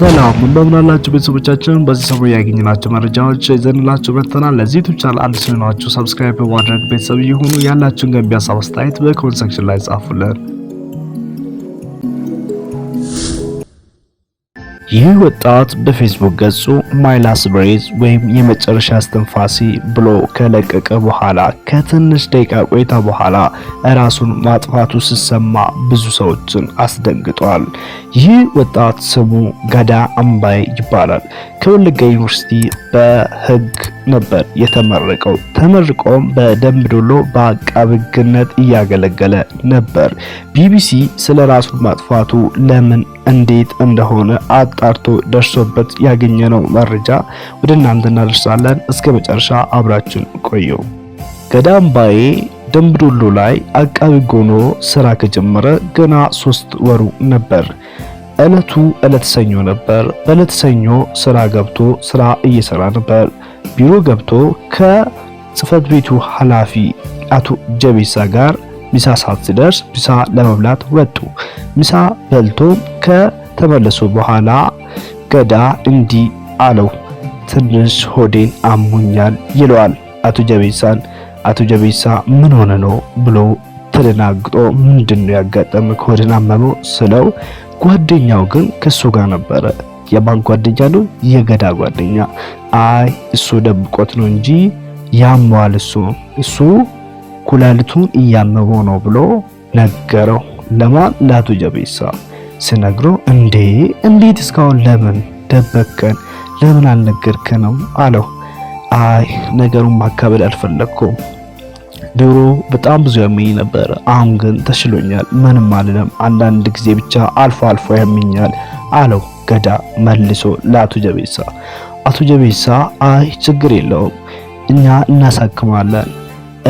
ሰላም እንደምናላችሁ ቤተሰቦቻችን፣ በዚህ ሰሞን ያገኘናቸው መረጃዎች ይዘንላችሁ መጥተናል። ለዚህ ዩቲዩብ ቻናል አዲስ የሆናችሁ ሰብስክራይብ በማድረግ ቤተሰብ ይሁኑ። ያላችሁን ገንቢ ሀሳብ አስተያየት በኮሜንት ሴክሽን ላይ ጻፉልን። ይህ ወጣት በፌስቡክ ገጹ ማይ ላስት ብሬዝ ወይም የመጨረሻ እስትንፋሴ ብሎ ከለቀቀ በኋላ ከትንሽ ደቂቃ ቆይታ በኋላ ራሱን ማጥፋቱ ሲሰማ ብዙ ሰዎችን አስደንግጧል። ይህ ወጣት ስሙ ገዳ አምባይ ይባላል። ከወለጋ ዩኒቨርሲቲ በህግ ነበር የተመረቀው። ተመርቆም በደንብ ዶሎ በአቃቤ ህግነት እያገለገለ ነበር። ቢቢሲ ስለ ራሱን ማጥፋቱ ለምን እንዴት እንደሆነ አጣርቶ ደርሶበት ያገኘነው መረጃ ወደ እናንተ እናደርሳለን። እስከ መጨረሻ አብራችን ቆዩ። ገዳምባዬ ደምቢዶሎ ላይ አቃቤ ህግ ሆኖ ስራ ከጀመረ ገና ሶስት ወሩ ነበር። እለቱ እለት ሰኞ ነበር። ዕለት ሰኞ ስራ ገብቶ ስራ እየሰራ ነበር። ቢሮ ገብቶ ከጽህፈት ቤቱ ኃላፊ አቶ ጀቤሳ ጋር ሚሳ ሰዓት ሲደርስ ሚሳ ለመብላት ወጡ። ሚሳ በልቶ ከተመለሱ በኋላ ገዳ እንዲህ አለው፣ ትንሽ ሆዴን አሞኛል ይለዋል አቶ ጀቤሳን። አቶ ጀቤሳ ምን ሆነ ነው ብሎ ተደናግጦ ምንድን ነው ያጋጠመ ከሆድን አመመው ስለው ጓደኛው ግን ከሱ ጋር ነበረ። የባንክ ጓደኛ ነው፣ የገዳ ጓደኛ። አይ እሱ ደብቆት ነው እንጂ ያመዋል፣ እሱ እሱ ኩላሊቱን እያመመው ነው ብሎ ነገረው። ለማን ላቱ ጀቤሳ ስነግሮ እንዴ እንዴት እስካሁን ለምን ደበከን? ለምን አልነገርከንም? አለው። አይ ነገሩን ማካበድ አልፈለግኩም ድሮ በጣም ብዙ ያመኝ ነበር። አሁን ግን ተሽሎኛል፣ ምንም አልልም። አንዳንድ ጊዜ ብቻ አልፎ አልፎ ያመኛል አለው ገዳ መልሶ ለአቶ ጀቤሳ። አቶ ጀቤሳ አይ ችግር የለውም እኛ እናሳክማለን፣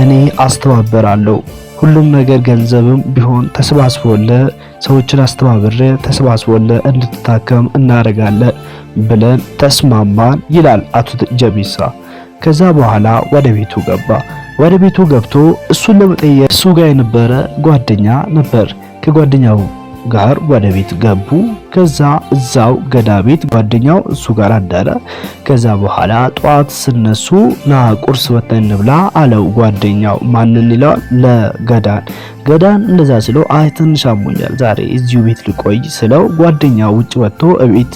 እኔ አስተባበራለሁ። ሁሉም ነገር ገንዘብም ቢሆን ተሰባስቦለ ሰዎችን አስተባብረ ተሰባስቦለ እንድትታከም እናደርጋለን ብለን ተስማማን ይላል አቶ ጀቤሳ። ከዛ በኋላ ወደ ቤቱ ገባ። ወደ ቤቱ ገብቶ እሱን ለመጠየቅ እሱ ጋር የነበረ ጓደኛ ነበር ከጓደኛው ጋር ወደ ቤት ገቡ። ከዛ እዛው ገዳ ቤት ጓደኛው እሱ ጋር አደረ። ከዛ በኋላ ጠዋት ስነሱ ና ቁርስ ወተን እንብላ አለው ጓደኛው። ማንን ይለዋል? ለገዳን ገዳን እንደዛ ስለው አይ ትንሽ አሞኛል ዛሬ እዚሁ ቤት ልቆይ ስለው ጓደኛው ውጭ ወጥቶ እቤት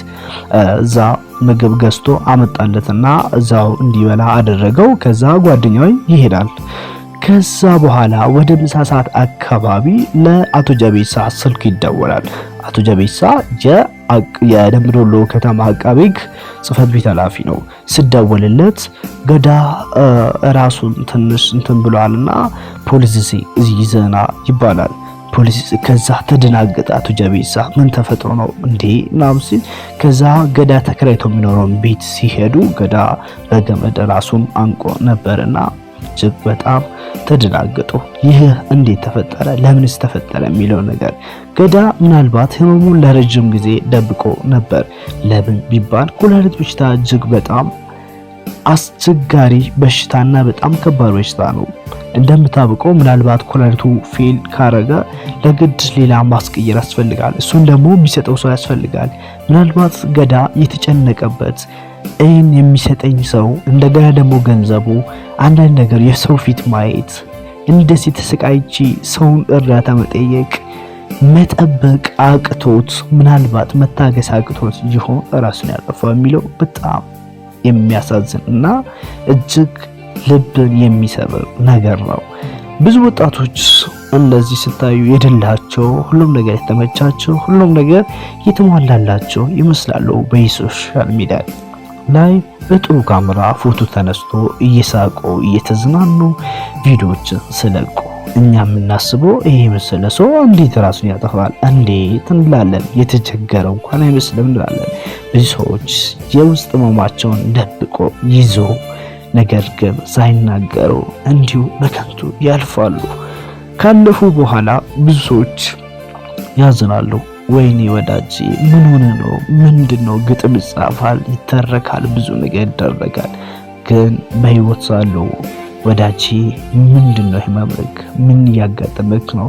እዛ ምግብ ገዝቶ አመጣለትና እዛው እንዲበላ አደረገው። ከዛ ጓደኛው ይሄዳል። ከዛ በኋላ ወደ ምሳ ሰዓት አካባቢ ለአቶ ጀቤሳ ስልክ ይደወላል። አቶ ጀቤሳ የደንቢ ከተማ አቃቤ ሕግ ጽህፈት ቤት ኃላፊ ነው። ስደወልለት ገዳ ራሱን ትንሽ እንትን ብሏልና ፖሊስ እዚህ ይዘና ይባላል። ፖሊስ ከዛ ተደናገጠ። አቶ ጀቤሳ ምን ተፈጥሮ ነው እንዴ ምናምን ሲል ከዛ ገዳ ተከራይቶ የሚኖረውን ቤት ሲሄዱ ገዳ በገመድ ራሱን አንቆ ነበርና እጅግ በጣም ተደናገጡ። ይህ እንዴት ተፈጠረ? ለምንስ ተፈጠረ? የሚለው ነገር ገዳ ምናልባት ህመሙን ለረጅም ጊዜ ደብቆ ነበር። ለምን ቢባል ኩላሊት በሽታ እጅግ በጣም አስቸጋሪ በሽታና በጣም ከባድ በሽታ ነው። እንደምታብቀው ምናልባት ኩላሊቱ ፌል ካረገ ለግድ ሌላ ማስቀየር ያስፈልጋል። እሱን ደግሞ የሚሰጠው ሰው ያስፈልጋል። ምናልባት ገዳ የተጨነቀበት ይህን የሚሰጠኝ ሰው እንደገና ደግሞ ገንዘቡ፣ አንዳንድ ነገር የሰው ፊት ማየት፣ እንደዚህ ተሰቃይቺ ሰውን እርዳታ መጠየቅ መጠበቅ አቅቶት ምናልባት መታገስ አቅቶት ይሆን ራሱን ያጠፋው የሚለው በጣም የሚያሳዝን እና እጅግ ልብን የሚሰብር ነገር ነው። ብዙ ወጣቶች እንደዚህ ስታዩ የደላቸው ሁሉም ነገር የተመቻቸው ሁሉም ነገር የተሟላላቸው ይመስላሉ። በሶሻል ሚዲያ ላይ በጥሩ ካሜራ ፎቶ ተነስቶ እየሳቁ እየተዝናኑ ቪዲዮዎችን ስለቁ። እኛ የምናስበው ይሄ የመሰለ ሰው እንዴት ራሱን ያጠፋል እንዴት እንላለን። የተቸገረ እንኳን አይመስልም እንላለን። ሰዎች የውስጥ ህመማቸውን ደብቆ ይዞ ነገር ግን ሳይናገሩ እንዲሁ በከንቱ ያልፋሉ። ካለፉ በኋላ ብዙ ሰዎች ያዝናሉ። ወይኔ ወዳጅ ምን ሆነ ነው? ምንድን ነው? ግጥም ይጻፋል፣ ይተረካል፣ ብዙ ነገር ይደረጋል። ግን በህይወት ሳሉ ወዳቼ ምንድን ነው ህመምክ? ምን እያጋጠመክ ነው?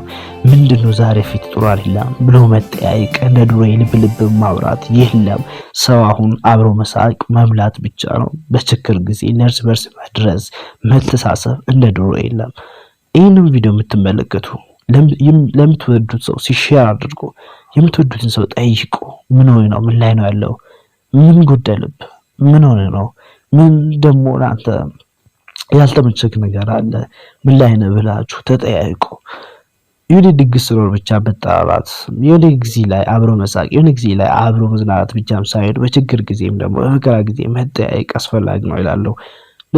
ምንድን ነው ዛሬ ፊት ጥሩ አይደለም ብሎ መጠያየቅ፣ እንደ ድሮ የልብ ልብ ማውራት የለም። ሰው አሁን አብሮ መሳቅ፣ መብላት ብቻ ነው። በችግር ጊዜ ለእርስ በርስ መድረስ፣ መተሳሰብ እንደ ድሮ የለም። ይህንም ቪዲዮ የምትመለከቱ ለምትወዱት ሰው ሲሼር አድርጎ የምትወዱትን ሰው ጠይቁ። ምን ሆነ ነው? ምን ላይ ነው ያለው? ምን ጎደለብ? ምን ሆነ ነው? ምን ደግሞ ለአንተ ያልተመቸክ ነገር አለ፣ ምን ላይ ነው ብላችሁ ተጠያይቁ። የሆነ ድግስ ስኖር ብቻ መጠራራት፣ የሆነ ጊዜ ላይ አብሮ መሳቅ፣ የሆነ ጊዜ ላይ አብሮ መዝናናት ብቻም ሳይሆን በችግር ጊዜም ደግሞ በመከራ ጊዜ መጠያየቅ አስፈላጊ ነው ይላለሁ።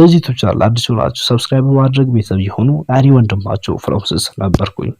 ለዚህ ቱቻል አዲስ ሆናችሁ ሰብስክራይብ በማድረግ ቤተሰብ የሆኑ አሪ ወንድማቸው ፍረምስስ ነበርኩኝ።